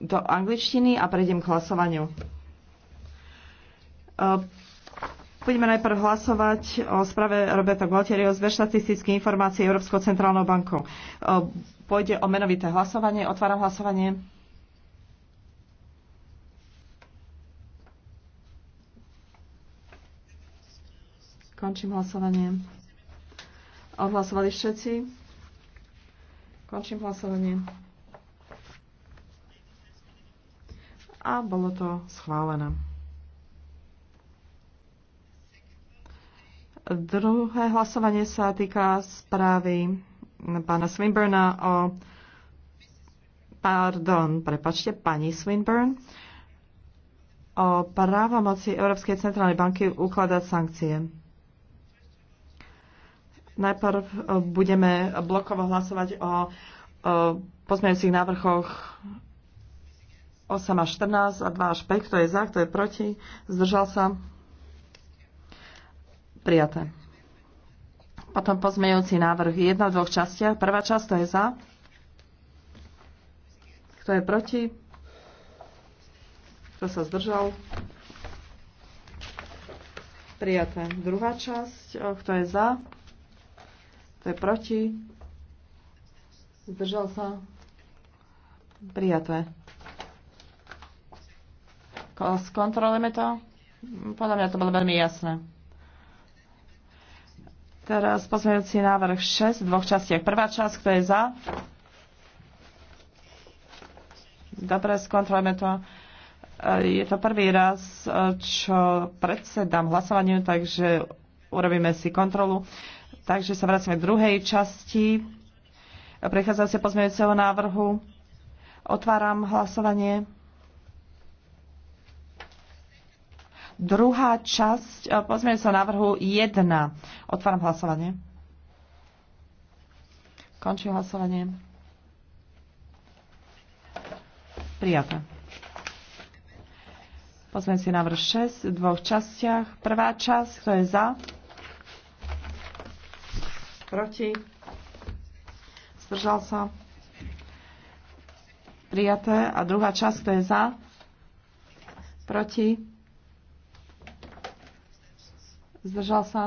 do angličtiny a prejdem k hlasovaniu. Budeme najprv hlasovať o sprave Roberta Gualtieriho z štatistických informácií Európskou centrálnou bankou. E, pôjde o menovité hlasovanie. Otváram hlasovanie. Končím hlasovanie. Odhlasovali všetci. Končím hlasovanie. a bolo to schválené. Druhé hlasovanie sa týka správy pána Swinburna o pardon, prepačte, pani Swinburne o právomoci Európskej centrálnej banky ukladať sankcie. Najprv e, budeme blokovo hlasovať o, o e, pozmeňujúcich návrhoch 8 až 14 a 2 až 5. Kto je za, kto je proti? Zdržal sa? Prijaté. Potom pozmejúci návrh 1 v dvoch častiach. Prvá časť, to je za. Kto je proti? Kto sa zdržal? Prijaté. Druhá časť, kto je za? Kto je proti? Zdržal sa? Prijaté. Skontrolujeme to? Podľa mňa to bolo veľmi jasné. Teraz pozmeňujúci návrh 6 v dvoch častiach. Prvá časť, kto je za? Dobre, skontrolujeme to. E, je to prvý raz, e, čo predsedám hlasovaniu, takže urobíme si kontrolu. Takže sa vracíme k druhej časti sa pozmeňujúceho návrhu. Otváram hlasovanie. Druhá časť sa e, návrhu 1. Otváram hlasovanie. Končím hlasovanie. Prijaté. si návrh 6 v dvoch častiach. Prvá časť, kto je za? Proti? Zdržal sa? Prijaté. A druhá časť, kto je za? Proti? Zdržal sa?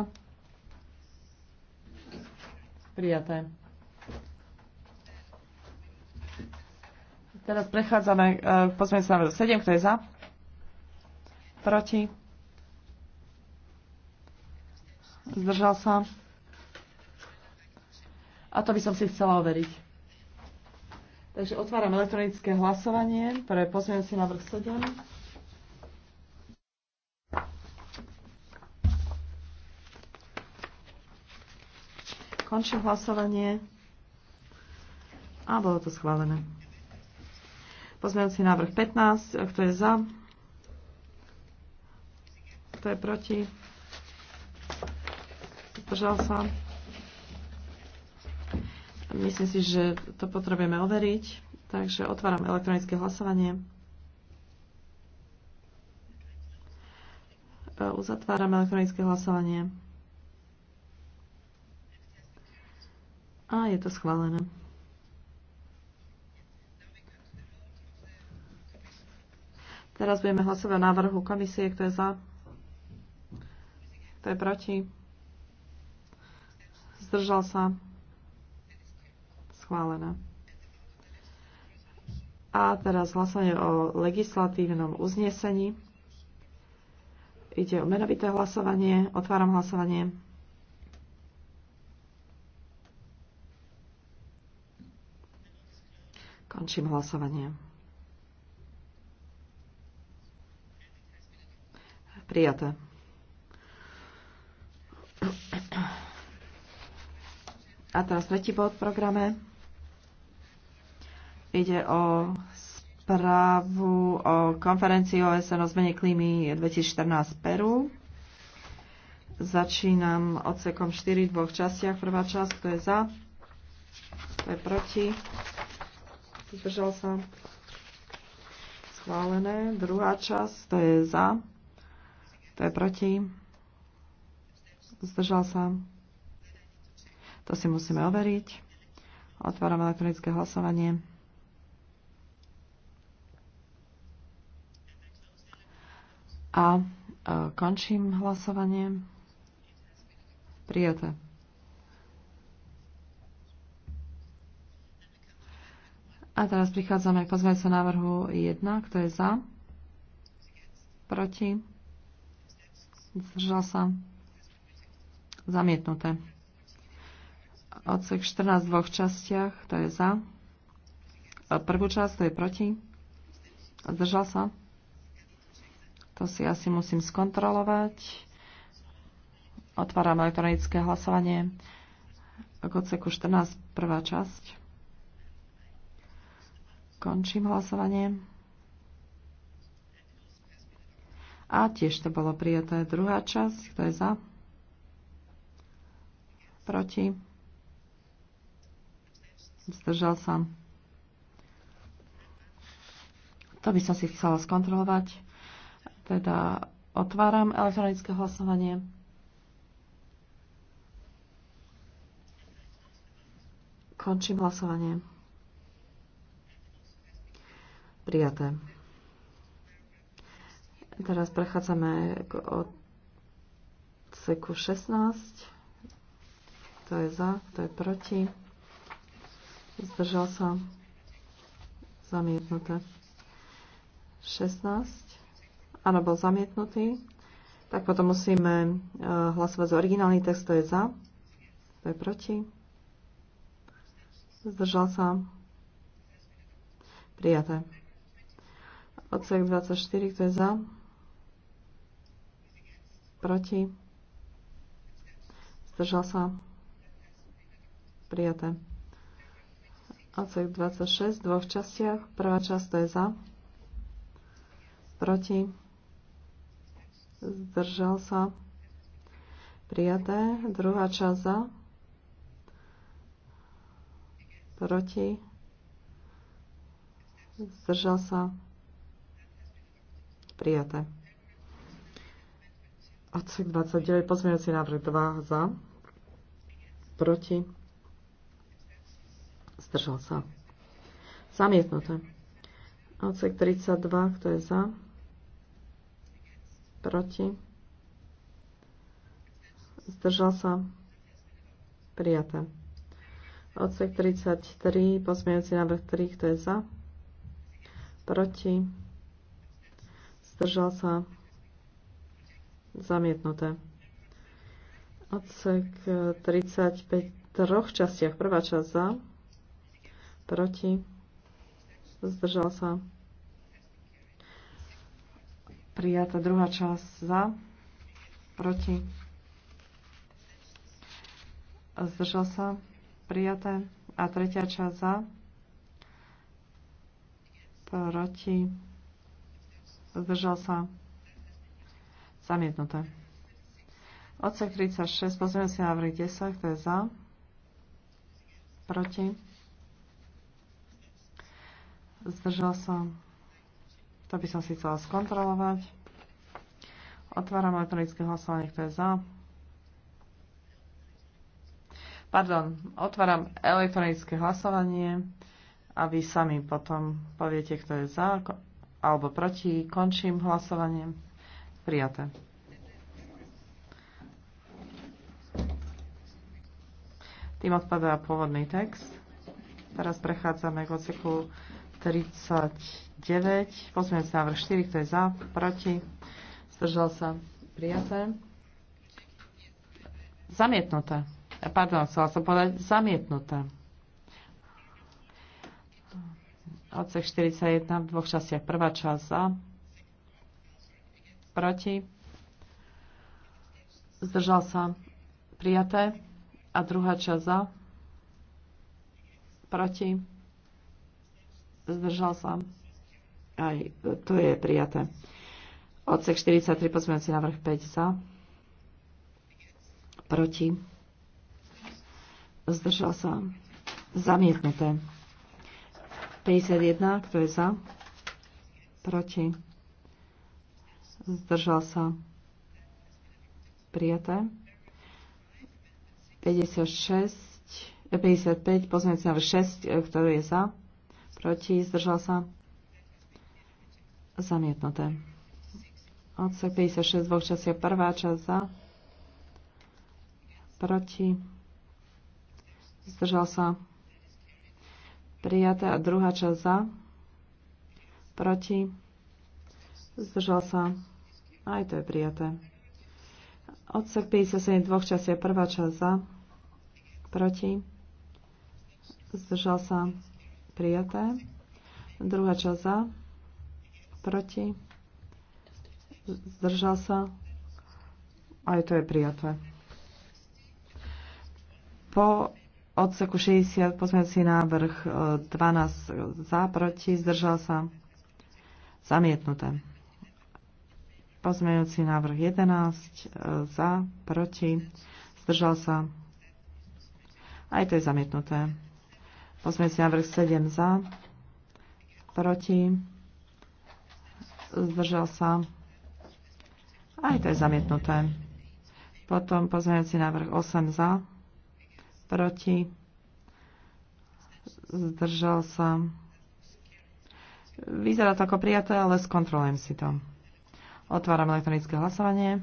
Prijaté. Teraz prechádzame e, k pozmeňujúcemu návrhu 7, kto je za? Proti? Zdržal sa? A to by som si chcela overiť. Takže otváram elektronické hlasovanie pre pozmeňujúci návrh 7. Končím hlasovanie. A bolo to schválené. Pozmeňujúci návrh 15. Kto je za? Kto je proti? Zdržal sa? Myslím si, že to potrebujeme overiť. Takže otváram elektronické hlasovanie. E, uzatváram elektronické hlasovanie. A je to schválené. Teraz budeme hlasovať o návrhu komisie, kto je za, kto je proti, zdržal sa, schválené. A teraz hlasovanie o legislatívnom uznesení. Ide o menovité hlasovanie. Otváram hlasovanie. Končím hlasovanie. Prijaté. A teraz tretí bod v programe. Ide o správu o konferencii OSN o zmene klímy 2014 Peru. Začínam odsekom 4 v dvoch častiach. Prvá časť, kto je za, kto je proti zdržal sa, schválené. Druhá časť, to je za, to je proti, zdržal sa. To si musíme overiť. Otváram elektronické hlasovanie. A e, končím hlasovanie. Prijaté. A teraz prichádzame k pozmeňujúcemu návrhu 1. Kto je za? Proti? Zdržal sa? Zamietnuté. Odsek 14 v dvoch častiach. Kto je za? Prvú časť, kto je proti? Zdržal sa? To si asi musím skontrolovať. Otváram elektronické hlasovanie k odseku 14, prvá časť. Končím hlasovanie. A tiež to bolo prijaté druhá časť. Kto je za? Proti? Zdržal sa. To by som si chcela skontrolovať. Teda otváram elektronické hlasovanie. Končím hlasovanie. Prijaté. Teraz prechádzame k odseku 16. To je za, kto je proti. Zdržal sa. Zamietnuté. 16. Áno, bol zamietnutý. Tak potom musíme e, hlasovať za originálny text, to je za, to je proti. Zdržal sa. Prijaté. Odsek 24, kto je za? Proti? Zdržal sa? Prijaté. Odsek 26 v dvoch častiach. Prvá časť to je za. Proti? Zdržal sa? Prijaté. Druhá časť za. Proti? Zdržal sa? Prijaté. Odsek 29, pozmeňujúci návrh 2 za, proti, zdržal sa. Zamietnuté. Odsek 32, kto je za, proti, zdržal sa, prijaté. Odsek 33, pozmeňujúci návrh 3, kto je za, proti, zdržal sa, zamietnuté. Odsek 35 e, v troch častiach. Prvá časť za, proti, zdržal sa, Prijatá. druhá časť za, proti, zdržal sa, prijaté a tretia časť za, proti, zdržal sa, zamietnuté. Odsek 36, pozrieme si vrch 10, kto je za, proti, zdržal sa, to by som si chcela skontrolovať. Otváram elektronické hlasovanie, kto je za. Pardon, otváram elektronické hlasovanie a vy sami potom poviete, kto je za, alebo proti. Končím hlasovanie. Prijaté. Tým odpadá pôvodný text. Teraz prechádzame k odseku 39. Pozmeňujúci návrh 4, kto je za, proti. Zdržal sa. Prijaté. Zamietnuté. Pardon, chcela som povedať zamietnuté. Odsek 41 v dvoch častiach. Prvá časť za, proti, zdržal sa, prijaté. A druhá časť za, proti, zdržal sa, aj to je prijaté. Odsek 43, pozmeňujúci návrh 5 za, proti, zdržal sa, zamietnuté. 51, kto je za? Proti? Zdržal sa? Prijaté. 56, 55, eh, pozmeňujúci návrh 6, eh, kto je za? Proti? Zdržal sa? Zamietnuté. Odsek 56, dvoch časí je prvá časť za? Proti? Zdržal sa? Prijaté a druhá časť za. Proti. Zdržal sa. Aj to je prijaté. Odsek 57 dvoch časť je prvá časť za. Proti. Zdržal sa. Prijaté. Druhá časť za. Proti. Zdržal sa. Aj to je prijaté. Po odseku 60 pozmeňujúci návrh 12 e, za, proti, zdržal sa, zamietnuté. Pozmeňujúci návrh 11 e, za, proti, zdržal sa, aj to je zamietnuté. Pozmeňujúci návrh 7 za, proti, zdržal sa, aj to je zamietnuté. Potom pozmeňujúci návrh 8 za, proti, zdržal sa. Vyzerá to ako prijaté, ale skontrolujem si to. Otváram elektronické hlasovanie.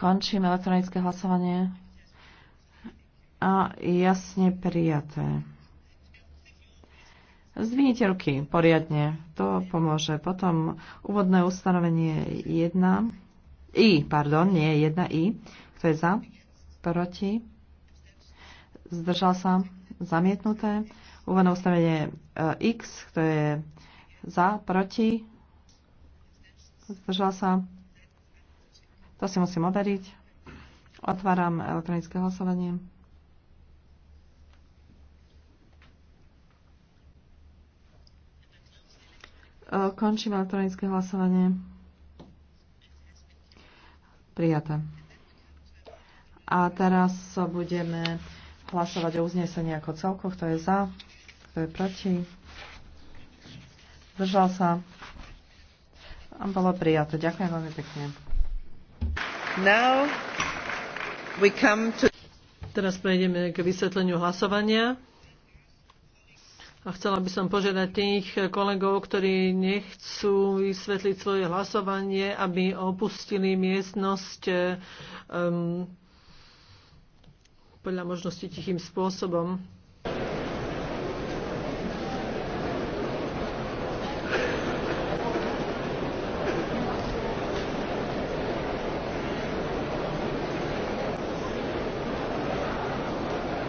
Končím elektronické hlasovanie. A jasne prijaté. Zvinite ruky poriadne, to pomôže. Potom úvodné ustanovenie 1, I, pardon, nie 1, I. Kto je za? Proti? Zdržal sa? Zamietnuté. Úvodné ustanovenie e, X, kto je za? Proti? Zdržal sa? To si musím overiť. Otváram elektronické hlasovanie. E, končím elektronické hlasovanie. Prijaté. A teraz budeme hlasovať o uznesení ako celku. Kto je za? Kto je proti? Zdržal sa? A bolo prijaté. Ďakujem veľmi pekne. Now we come to... Teraz prejdeme k vysvetleniu hlasovania. A chcela by som požiadať tých kolegov, ktorí nechcú vysvetliť svoje hlasovanie, aby opustili miestnosť um, podľa možnosti tichým spôsobom.